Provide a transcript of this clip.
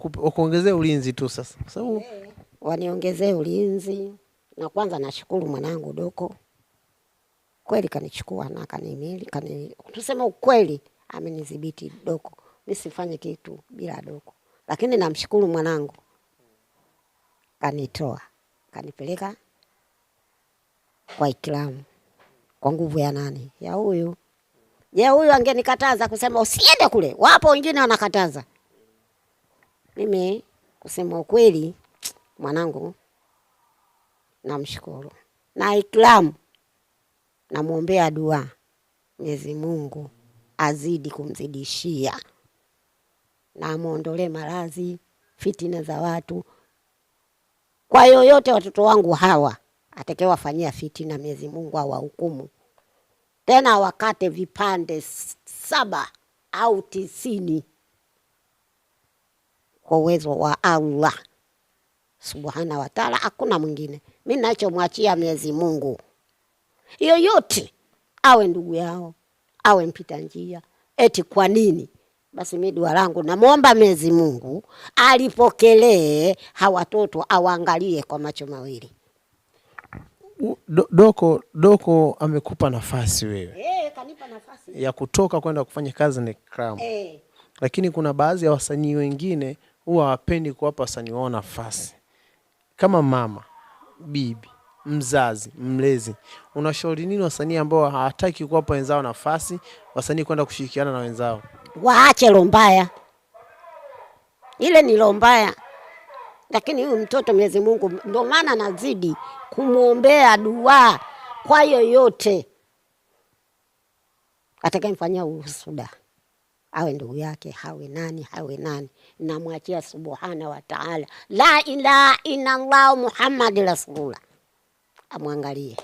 wakuongezea ulinzi tu sasa, kwa sababu hey, eh, waniongezee ulinzi. Na kwanza nashukuru mwanangu Doko, kweli kanichukua na kanimili kani, tuseme ukweli, amenidhibiti Doko, mi sifanye kitu bila Doko, lakini namshukuru mwanangu, kanitoa kanipeleka kwa ikilamu kwa nguvu ya nani? Ya huyu. Je, huyu angenikataza kusema usiende kule? Wapo wengine wanakataza mimi kusema ukweli, mwanangu namshukuru na iklamu, namwombea dua Mwenyezi Mungu azidi kumzidishia na amwondolee maradhi, fitina za watu. Kwa yoyote watoto wangu hawa atakewafanyia fitina, Mwenyezi Mungu awahukumu tena, wakate vipande saba au tisini kwa uwezo wa Allah subhana wa taala, hakuna mwingine. Mi nachomwachia Mwenyezi Mungu, yoyote awe ndugu yao awe mpita njia, eti kwa nini basi? Mi dua langu namwomba Mwenyezi Mungu alipokelee watoto awaangalie kwa macho mawili. Do, doko doko amekupa nafasi wewe e, kanipa nafasi ya kutoka kwenda kufanya kazi ni kramu e. Eh. Lakini kuna baadhi ya wasanii wengine huwa hawapendi kuwapa wasanii wao nafasi. Kama mama, bibi, mzazi, mlezi, unashauri nini wasanii ambao hawataki kuwapa wenzao nafasi, wasanii kwenda kushirikiana na wenzao? Waache lombaya mbaya, ile ni lombaya mbaya. Lakini huyu mtoto Mwenyezi Mungu ndio maana nazidi kumwombea dua kwa yoyote atakayemfanyia usuda awe ndugu yake, hawe nani, hawe nani, namwachia subhana wa taala. La ilaha illallahu Muhammadi rasulullah, amwangalie